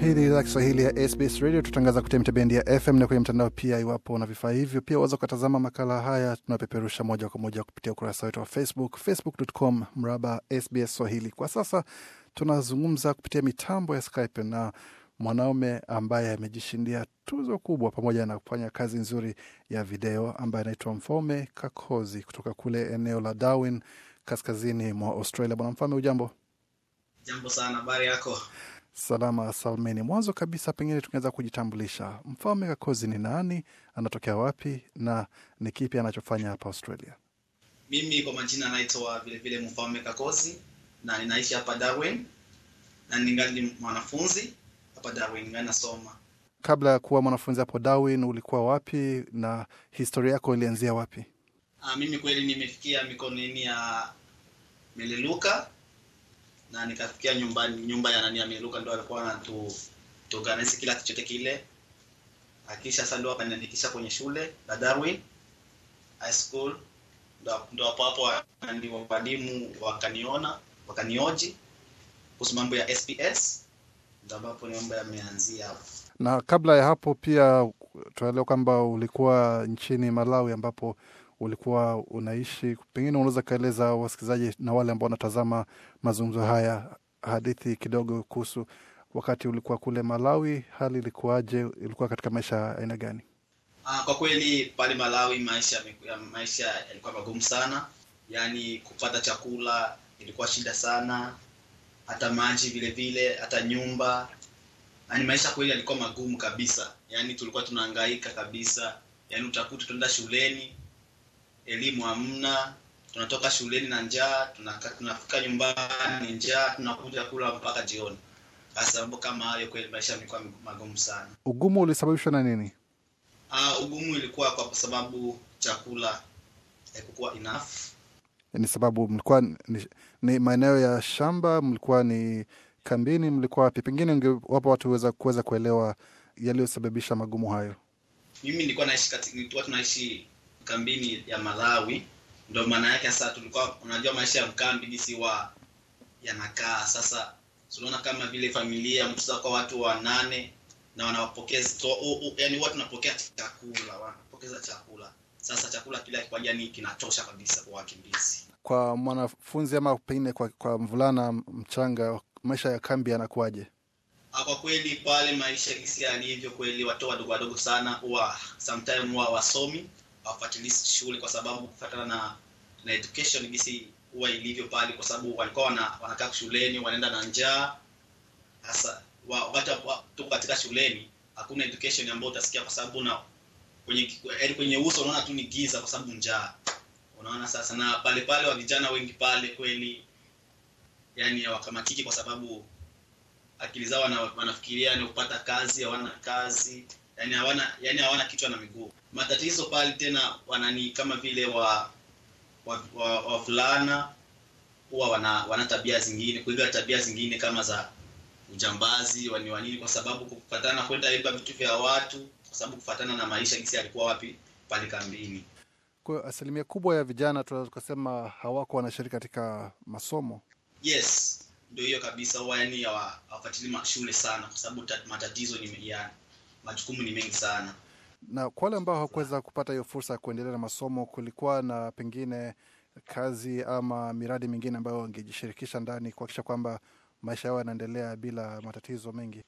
Hii ni idhaa Kiswahili ya SBS Radio, tutangaza kupitia mitabendi ya FM na kwenye mtandao pia. Iwapo na vifaa hivyo, pia waweza ukatazama makala haya tunapeperusha moja kwa moja kupitia ukurasa wetu wa Facebook, facebook.com mraba SBS Swahili. Kwa sasa tunazungumza kupitia mitambo ya Skype na mwanaume ambaye amejishindia tuzo kubwa pamoja na kufanya kazi nzuri ya video, ambaye anaitwa Mfome Kakozi kutoka kule eneo la Darwin, kaskazini mwa Australia. Bwana mfalme ujambo? Jambo sana, habari yako? Salama Salmeni, mwanzo kabisa pengine tungeweza kujitambulisha, Mfalme Kakozi ni nani, anatokea wapi na ni kipi anachofanya hapa Australia? Mimi kwa majina naitwa vilevile Mfalme Kakozi na ninaishi hapa Darwin na ningali mwanafunzi hapa Darwin, nasoma. Kabla ya kuwa mwanafunzi hapo Darwin, ulikuwa wapi na historia yako ilianzia wapi? Aa, ah, mimi kweli nimefikia mikononi ya Meleluka na nikafikia nyumbani nyumba ya nani ameruka ndo alikuwa anatu tuganesi kila kichote kile akisha sasa ndo akaniandikisha kwenye shule la Darwin high school ndo hapo hapo ndio walimu wakaniona wakanioji kuhusu mambo ya SPS ndo ambapo mambo yameanzia hapo na kabla ya hapo pia tunaelewa kwamba ulikuwa nchini Malawi ambapo ulikuwa unaishi, pengine unaweza kaeleza wasikilizaji na wale ambao wanatazama mazungumzo haya hadithi kidogo kuhusu wakati ulikuwa kule Malawi, hali ilikuwaje? Ilikuwa katika maisha aina gani? Ah, kwa kweli pale Malawi maisha maisha yalikuwa magumu sana, yaani kupata chakula ilikuwa shida sana, hata maji vile vile, hata nyumba. Yaani maisha kweli yalikuwa magumu kabisa, yaani tulikuwa tunahangaika kabisa, yaani utakuta tunaenda shuleni elimu hamna, tunatoka shuleni na njaa, tunafika nyumbani njaa, tunakuja kula mpaka jioni. Sasa mambo kama hayo, kweli maisha yamekuwa magumu sana. Ugumu ulisababishwa na nini? Uh, ugumu ilikuwa kwa sababu chakula haikuwa enough. Ni sababu mlikuwa ni, ni maeneo ya shamba, mlikuwa ni kambini, mlikuwa wapi? Pengine ungewapa watu weza kuweza kuelewa yaliyosababisha magumu hayo. Mimi nilikuwa naishi katika, naishi kambini ya Malawi. Ndio maana yake sasa, tulikuwa unajua maisha ya mkambi jinsi wa yanakaa sasa, tunaona kama vile familia mtu kwa watu wa nane na wanawapokea so, uh, uh, yani watu wanapokea chakula, wanapokeza chakula. Sasa chakula kile kwa jani kinatosha kabisa kwa wakimbizi, kwa mwanafunzi ama pengine kwa, kwa mvulana mchanga. Maisha ya kambi yanakuwaje? Ah, kwa kweli pale maisha kisia hivyo kweli, watoto wadogo wadogo sana huwa sometime huwa wasomi hawafuatilii shule kwa sababu kufuatana na na education gisi huwa ilivyo pale, kwa sababu walikuwa wana, wanakaa shuleni wanaenda na njaa. Sasa wakati tu katika shuleni hakuna education ambayo utasikia, kwa sababu na kwenye yaani kwenye uso unaona tu ni giza, kwa sababu njaa. Unaona sasa, na pale pale wa vijana wengi pale kweli, yani hawakamatiki kwa sababu akili zao wana, wanafikiria ni kupata kazi, hawana kazi, yani hawana yani hawana kichwa na miguu matatizo pale tena wanani kama vile wa wavulana wa, wa huwa wana, wana tabia zingine kuiga tabia zingine kama za ujambazi wani wanini kwa sababu kufatana kwenda iba vitu vya watu kwa sababu kufatana na maisha jinsi alikuwa wapi pale kambini kwa asilimia kubwa ya vijana tunaweza tukasema hawako wanashiriki katika masomo yes ndio hiyo kabisa huwa yani hawafuatili shule sana kwa sababu matatizo ni yani majukumu ni mengi sana na kwa wale ambao hawakuweza kupata hiyo fursa ya kuendelea na masomo, kulikuwa na pengine kazi ama miradi mingine ambayo wangejishirikisha ndani kuhakikisha kwamba maisha yao yanaendelea bila matatizo mengi?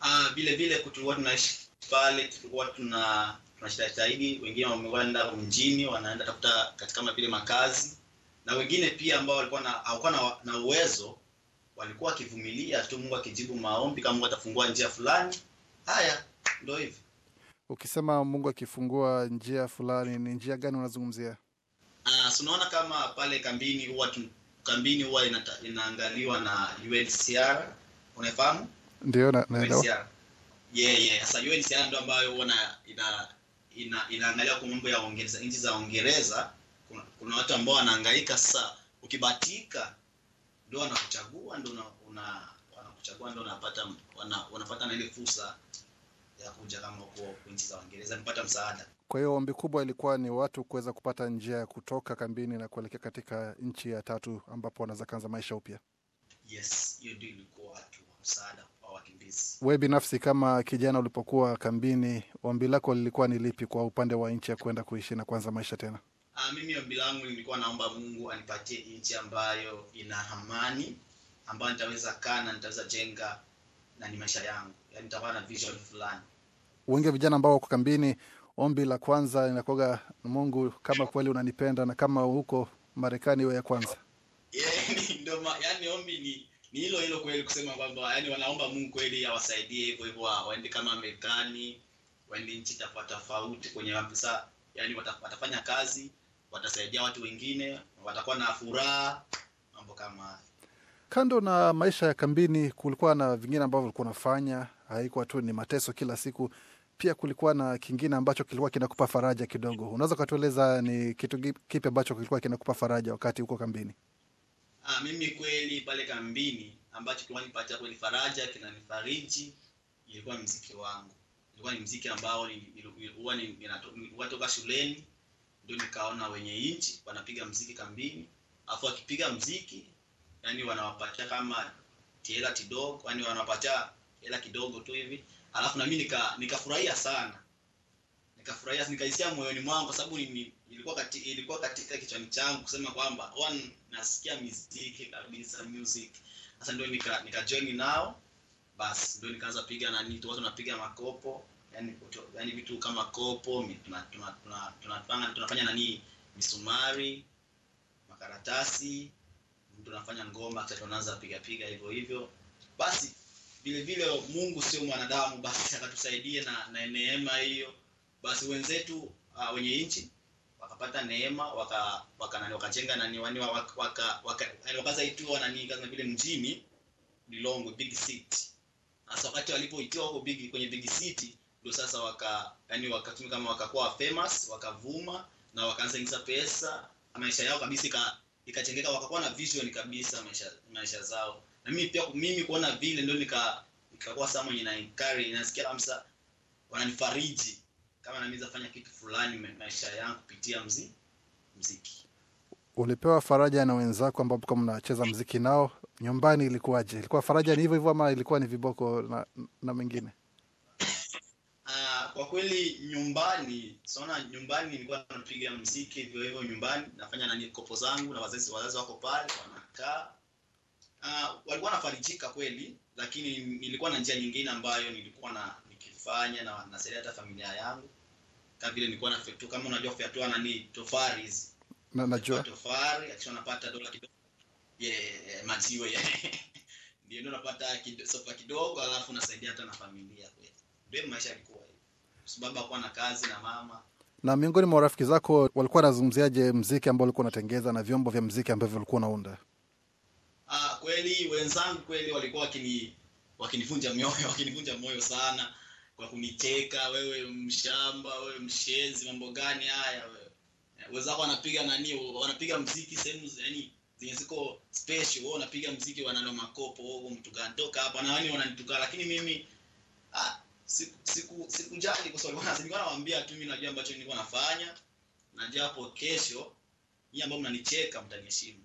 Ah, vile vile kutuwa tunaishi pale, tulikuwa tuna tunashitahidi, wengine wamekwenda mjini, wanaenda tafuta katika kama vile makazi, na wengine pia ambao walikuwa na hawakuwa na, na uwezo walikuwa wakivumilia tu, Mungu akijibu maombi, kama Mungu atafungua njia fulani. Haya, ndio hivyo. Ukisema Mungu akifungua njia fulani, ni njia gani unazungumzia? Uh, ah, unaona kama pale kambini huwa kambini huwa ina, inaangaliwa na UNHCR, unafahamu? Ndio na, na UNHCR. Yeah, yeah. Sasa UNHCR ndio ambayo huwa ina, ina, inaangalia kwa mambo ya Uingereza, nchi za Uingereza. Kuna, kuna watu ambao wanahangaika sasa, ukibatika ndio wanakuchagua ndio una, una wanakuchagua ndio unapata wana, unapata na ile fursa ya kuja kama huko nchi za Uingereza nipata msaada. Kwa hiyo ombi kubwa ilikuwa ni watu kuweza kupata njia ya kutoka kambini na kuelekea katika nchi ya tatu ambapo wanaweza kuanza maisha upya. Yes, hiyo ndio ilikuwa watu msaada kwa wakimbizi. Wewe binafsi kama kijana ulipokuwa kambini, ombi lako lilikuwa ni lipi kwa upande wa nchi ya kwenda kuishi na kuanza maisha tena? Uh, mimi ombi langu nilikuwa naomba Mungu anipatie nchi ambayo ina amani, ambayo nitaweza kaa na nitaweza jenga na ni maisha yangu, yaani nitakuwa na vision fulani wengi wa vijana ambao wako kambini, ombi la kwanza inakuaga Mungu, kama kweli unanipenda na kama huko Marekani iwe ya kwanza. yani yaani ombi ni ni hilo hilo kweli, kusema kwamba yani wanaomba Mungu kweli awasaidie hivyo hivyo, waende kama Marekani, waende nchi tofauti kwenye yani watafanya kazi, watasaidia watu wengine, watakuwa na furaha, mambo kama Kando na maisha ya kambini, kulikuwa na vingine ambavyo ulikuwa unafanya haikuwa tu ni mateso kila siku, pia kulikuwa na kingine ambacho kilikuwa kinakupa faraja kidogo. Unaweza ukatueleza ni kitu kipi ambacho kilikuwa kinakupa faraja wakati huko kambini? Ah, mimi kweli pale kambini ambacho kilikuwa nipatia kweli faraja, kinanifariji ilikuwa mziki wangu, ilikuwa ni mziki ambao huwa toka shuleni ndio nikaona wenye nchi wanapiga mziki kambini, afu akipiga mziki yani wanawapatia kama tiela tidogo, yani wanawapatia hela kidogo tu hivi alafu na mimi nikafurahia nika sana nikafurahia nikaisia moyoni mwangu kwa sababu ilikuwa kati, ilikuwa katika kichwani changu kusema kwamba one nasikia muziki kabisa music sasa ndio nika nika join nao basi ndio nikaanza piga na nani watu wanapiga makopo yani yani vitu kama kopo tunapanga tuna, tuna, tuna, tunafanya nani misumari makaratasi mtu anafanya ngoma kisha tunaanza piga piga hivyo hivyo basi vile vile Mungu sio mwanadamu, basi akatusaidie na, na neema hiyo. Basi wenzetu uh, wenye nchi wakapata neema waka waka nani wakajenga nani wani waka waka, waka wakazaitiwa nani kama vile mjini Lilongwe big city. Sasa wakati walipoitiwa huko big kwenye big city ndio sasa waka yani wakatumika kama wakakuwa famous, wakavuma na wakaanza ingiza pesa, maisha yao kabisa ikajengeka, wakakuwa na vision kabisa maisha maisha zao na mimi pia mimi kuona vile ndio nika nikakuwa sasa mwenye na encourage nasikia kabisa wananifariji kama na mimi fanya kitu fulani maisha yangu kupitia mziki mziki. Ulipewa faraja na wenzako ambapo kama mnacheza mziki nao nyumbani, ilikuwaje? Ilikuwa faraja ni hivyo hivyo ama ilikuwa ni viboko na, na mengine? Uh, kwa kweli nyumbani saona, nyumbani nilikuwa napiga mziki hivyo hivyo nyumbani, nafanya nani kopo zangu na wazazi, wazazi wako pale wanakaa uh, walikuwa nafarijika kweli, lakini nilikuwa na njia nyingine ambayo nilikuwa na nikifanya na nasaidia hata familia yangu, kama vile nilikuwa na fetu, kama unajua fetua nani tofari hizi na najua tofari, akisha napata dola kidogo, yeah, maziwa yeah. ndio ndio unapata kido, sofa kidogo, alafu nasaidia hata na familia kweli, ndio maisha yalikuwa sababu hakuwa na kazi na mama na miongoni mwa rafiki zako walikuwa wanazungumziaje mziki ambao ulikuwa unatengeza na vyombo vya mziki ambavyo ulikuwa unaunda? ah, kweli wenzangu kweli walikuwa wakini wakinivunja mioyo wakinivunja moyo sana kwa kunicheka, wewe mshamba, wewe mshenzi, mambo gani haya wewe? Wenzako wanapiga nani, wanapiga mziki sehemu yani zenye ziko special, wao wanapiga mziki wanalo makopo, wao mtu gani, toka hapa na wani wananitukana, lakini mimi ah, siku sikujali siku kwa sababu nilikuwa nawaambia tu mimi najua ambacho nilikuwa nafanya, na japo kesho nyinyi ambao mnanicheka mtaniheshimu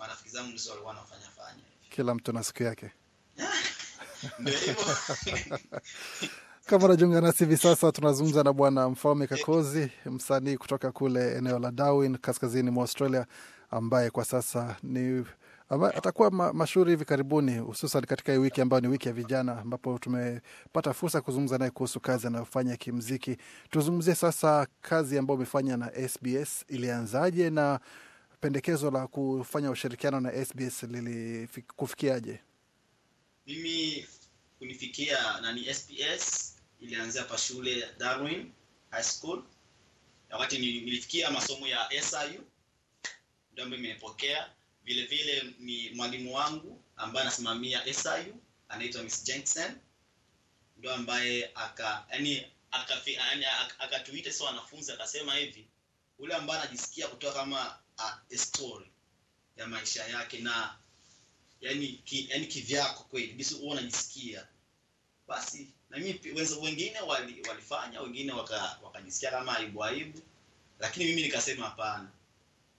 marafiki zangu ndio walikuwa wanafanya fanya. Kila mtu na siku yake. Kama unajiunga nasi hivi sasa, tunazungumza na Bwana mfalme Kakozi, msanii kutoka kule eneo la Darwin, kaskazini mwa Australia, ambaye kwa sasa ni atakuwa ma mashuhuri hivi karibuni, hususan katika hii wiki ambayo ni wiki ya vijana, ambapo tumepata fursa kuzungumza naye kuhusu kazi anayofanya kimziki. Tuzungumzie sasa kazi ambayo umefanya na SBS, ilianzaje na pendekezo la kufanya ushirikiano na SBS lilikufikiaje? Mimi kunifikia nani SBS ilianzia pa shule Darwin High School, wakati nilifikia masomo ya SIU ndio ambayo imepokea vile vile. Ni mwalimu wangu ambaye anasimamia SIU anaitwa Miss Jenkinson, ndio ambaye aka yani akatuita aka, aka sio wanafunzi akasema hivi, ule ambaye anajisikia kutoa kama a story ya maisha yake na yani, ki, yani kivyako kweli bisi huwa unajisikia basi na mimi wengine wali, walifanya wengine wakajisikia waka kama aibu aibu lakini mimi nikasema hapana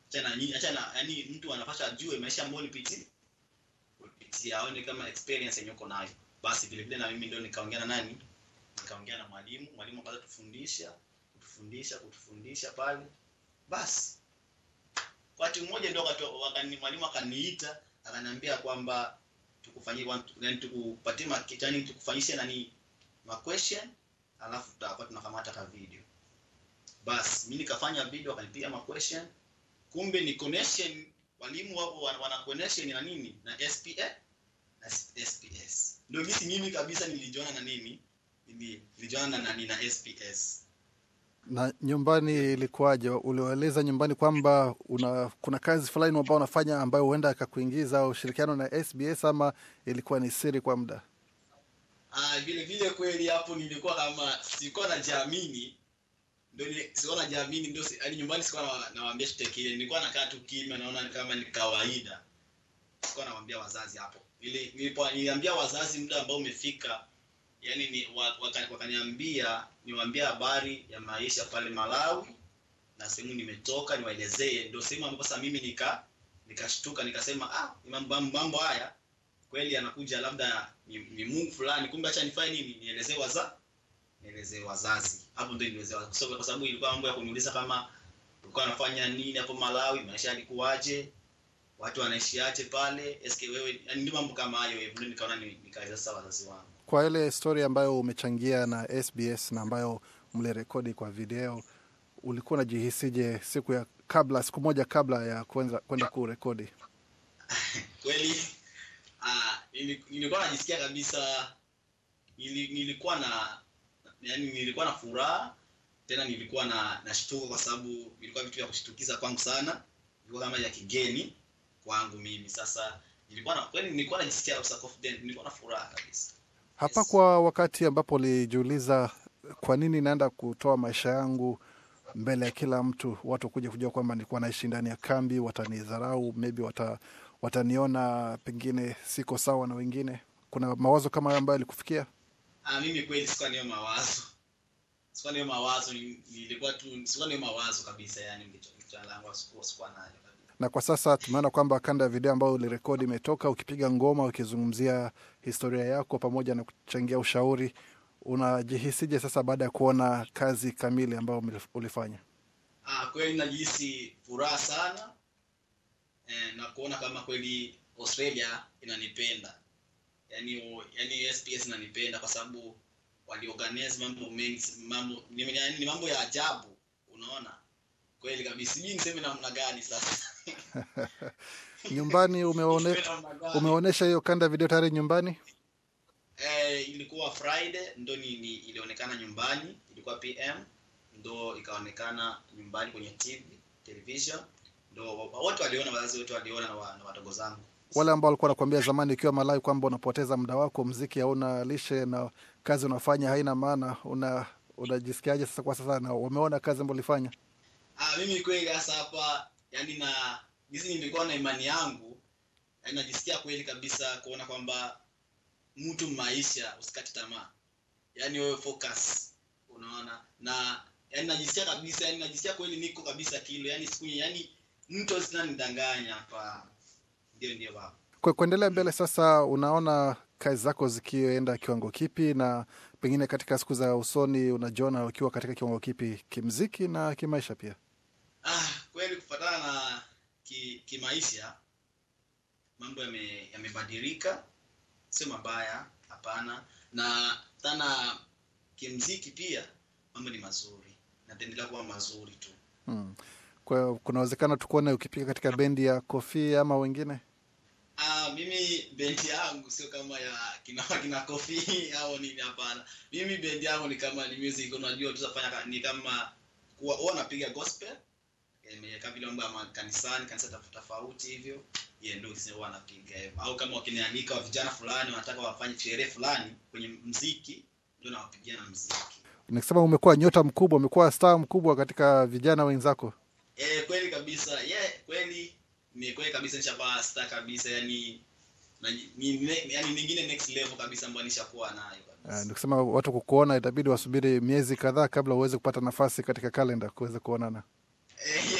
acha na acha na yani mtu anapasha ajue maisha ambayo nipitia nipitia aone kama experience yenyewe uko nayo basi vile vile na mimi ndio nikaongea na nani nikaongea na mwalimu mwalimu akaanza kutufundisha kutufundisha kutufundisha pale basi wakati mmoja ndio wakani mwalimu akaniita akaniambia kwamba tukufanyie yani tukupatie makitani tukufanyishe nani ma question alafu tutakuwa tunakamata ka video bas mimi nikafanya video akanipiga ma question kumbe ni connection walimu wao wana connection na nini na SPA na SPS ndio mimi kabisa nilijiona na nini nilijiona na nini na SPS na nyumbani ilikuwaje? Uliwaeleza nyumbani kwamba una, kuna kazi fulani ambao unafanya ambayo huenda akakuingiza ushirikiano na SBS ama ilikuwa ni siri kwa muda? Ah, vile vile kweli hapo nilikuwa kama sikuwa najiamini, ndio sikuwa najiamini, ndio yani nyumbani sikuwa nawaambia na kile, nilikuwa nakaa tu kimya, naona kama ni kawaida, sikuwa nawaambia wazazi hapo. Ile nilipo wazazi muda ambao umefika yani ni wakaniambia niwaambia habari ya maisha pale Malawi na sehemu nimetoka niwaelezee, ndio sehemu ambapo sasa mimi nika nikashtuka nikasema, ah, mambo mambo haya kweli anakuja labda ni, ni Mungu fulani, kumbe acha nifanye nini, nielezee waza nielezee wazazi. Hapo ndio nielezee wazazi, kwa sababu ilikuwa mambo ya kuniuliza kama ulikuwa unafanya nini hapo Malawi, maisha yalikuwaje, watu wanaishi aje pale, eske wewe, yani ndio mambo kama hayo hivyo, nikaona nikaeleza sasa wazazi wangu kwa ile story ambayo umechangia na SBS na ambayo mlirekodi kwa video, ulikuwa unajihisije siku ya kabla, siku moja kabla ya kwenda kurekodi? Kweli ah, najisikia kabisa, nilikuwa na yani, nilikuwa na furaha tena, nilikuwa na nashtuka kwa sababu vilikuwa vitu vya kushtukiza kwangu sana, ilikuwa kama ya kigeni kwangu mimi. Sasa nilikuwa na kweli, nilikuwa najisikia kabisa confident, nilikuwa na furaha kabisa hapa kwa wakati ambapo ulijiuliza kwa nini naenda kutoa maisha yangu mbele ya kila mtu, watu kuja kujua kwamba nilikuwa naishi ndani ya kambi, watanidharau maybe, wata, wataniona pengine siko sawa na wengine. Kuna mawazo kama hayo ambayo alikufikia? Ah, mimi kweli sikuwa niyo mawazo, sikuwa niyo mawazo, nilikuwa tu, sikuwa niyo mawazo kabisa, yani mkichana langu sikuwa nayo na kwa sasa tumeona kwamba kanda ya video ambayo ulirekodi imetoka, ukipiga ngoma, ukizungumzia historia yako pamoja na kuchangia ushauri. Unajihisije sasa baada ya kuona kazi kamili ambayo ulifanya? Ah, kweli najihisi furaha sana e, na kuona kama kweli Australia inanipenda yani, yani SPS inanipenda kwa sababu waliorganize mambo mengi, mambo ni, yaani ni mambo ya ajabu, unaona kweli kabisa. Sijui niseme namna gani sasa nyumbani umeone, umeonesha hiyo kanda video tayari nyumbani? Eh, ilikuwa Friday ndo ni, ni ilionekana nyumbani, ilikuwa PM ndo ikaonekana nyumbani kwenye TV television, ndo wote waliona, wazazi wote waliona na wa, wadogo zangu wale ambao walikuwa wanakuambia zamani ukiwa malai kwamba unapoteza muda wako, mziki hauna lishe na kazi unafanya haina maana, una unajisikiaje sasa kwa sasa, na wameona kazi ambayo ulifanya? Ah, mimi kweli hasa hapa yani na hizi nilikuwa na imani yangu yani najisikia kweli kabisa kuona kwamba mtu maisha usikati tamaa yani wewe focus unaona na yani najisikia kabisa yani najisikia kweli niko kabisa kilo yani siku yani mtu sina nidanganya hapa ndio ndio baba kwa kuendelea mbele sasa unaona kazi zako zikienda kiwango kipi na pengine katika siku za usoni unajiona ukiwa katika kiwango kipi kimziki na kimaisha pia ah, kweli kufuatana na ki, kimaisha mambo yamebadilika yame sio mabaya hapana na tana kimziki pia mambo ni mazuri nataendelea kuwa mazuri tu hmm. kwa hiyo kunawezekana tukuone ukipiga katika bendi ya kofi ama wengine Aa, ah, mimi bendi yangu sio kama ya kina kina kofi au nini hapana mimi bendi yangu ni kama ni music unajua tutafanya ni kama huwa napiga gospel kama vile mambo ya makanisani kanisa tofauti hivyo yeah, ndio sisi huwa anapiga hivyo au kama wakinialika wa vijana fulani wanataka wafanye sherehe fulani kwenye mziki ndio nawapigia na mziki nikisema umekuwa nyota mkubwa umekuwa star mkubwa katika vijana wenzako eh kweli kabisa yeah kweli ni kweli kabisa nishapaa star kabisa yani na, ni, ni, yani nyingine next level kabisa ambayo nishakuwa nayo ah, nikusema watu kukuona itabidi wasubiri miezi kadhaa kabla uweze kupata nafasi katika kalenda kuweza kuonana eh,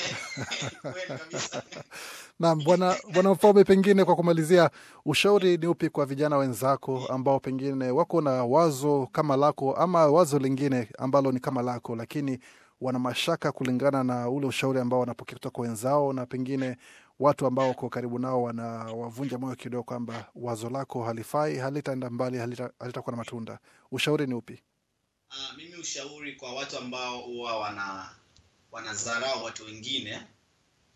Naam, bwana bwana Mfaume, pengine kwa kumalizia, ushauri ni upi kwa vijana wenzako ambao pengine wako na wazo kama lako ama wazo lingine ambalo ni kama lako, lakini wana mashaka kulingana na ule ushauri ambao wanapokea kutoka kwa wenzao na pengine watu ambao wako karibu nao wanawavunja moyo kidogo kwamba wazo lako halifai, halitaenda mbali, halitakuwa halita na matunda. Ushauri ni upi? Uh, mimi ushauri kwa watu ambao huwa wana wanadharau watu wengine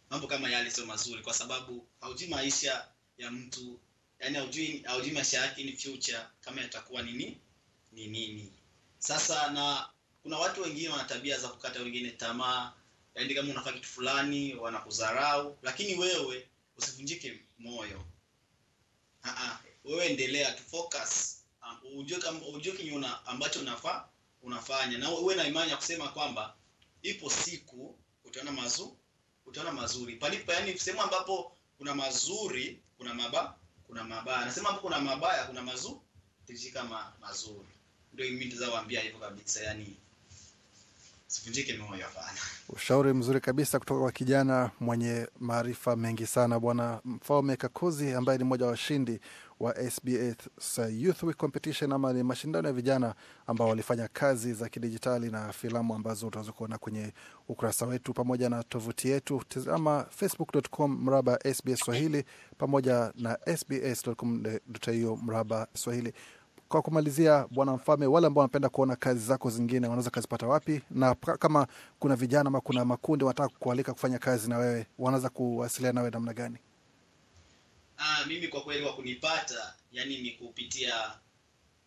mambo kama yale sio mazuri kwa sababu haujui maisha ya mtu yani haujui haujui maisha yake ni future kama yatakuwa nini ni nini sasa na kuna watu wengine wana tabia za kukata wengine tamaa yani kama unafaa kitu fulani wanakudharau lakini wewe usivunjike moyo Aa, wewe endelea tu focus ujue kama ujue kinyuna ambacho unafaa unafanya na uwe na imani ya kusema kwamba ipo siku utaona mazu utaona mazuri palipo yani sehemu ambapo kuna mazuri kuna maba kuna mabaya nasema hapo kuna mabaya kuna mazuri tishika ma, mazuri ndio mimi nitawaambia hivyo kabisa yani moyo hapana ushauri mzuri kabisa kutoka kwa kijana mwenye maarifa mengi sana bwana mfalme kakozi ambaye ni mmoja wa washindi wa SBS Youth Week Competition, ama ni mashindano ya vijana ambao walifanya kazi za kidijitali na filamu ambazo utaweza kuona kwenye ukurasa wetu pamoja na tovuti yetu, ama facebook.com mraba SBS Swahili pamoja na sbs.com.au mraba Swahili. Kwa kumalizia, Bwana Mfalme, wale ambao wanapenda kuona kazi zako zingine wanaweza kazipata wapi? Na kama kuna vijana ama kuna makundi wanataka kualika kufanya kazi na wewe, wanaweza kuwasiliana nawe namna gani? Ah, mimi kwa kweli wa kunipata yani ni kupitia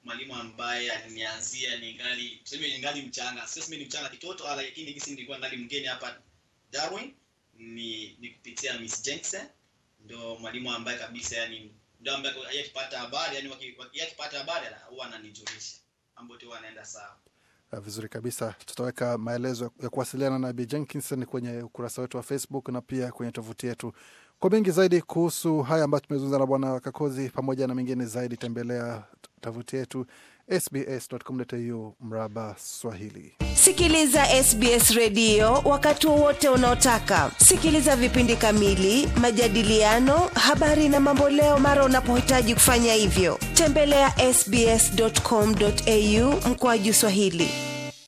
mwalimu ambaye alinianzia ningali tuseme ningali mchanga. Sasa mimi ni mchanga kitoto, lakini gisi nilikuwa ngali mgeni hapa Darwin ni, ni kupitia Miss Jensen ndo mwalimu ambaye kabisa yani ndo ambaye yeye akipata habari yani yeye akipata habari huwa ananijulisha mambo yote yanaenda sawa. Ah, vizuri kabisa, tutaweka maelezo ya kuwasiliana na Bi Jenkinson kwenye ukurasa wetu wa Facebook na pia kwenye tovuti yetu kwa mengi zaidi kuhusu haya ambayo tumezungumza na Bwana Kakozi pamoja na mengine zaidi, tembelea tovuti yetu sbs.com.au mraba Swahili. Sikiliza SBS redio wakati wowote unaotaka. Sikiliza vipindi kamili, majadiliano, habari na mamboleo mara unapohitaji kufanya hivyo, tembelea sbs.com.au mkoaju Swahili.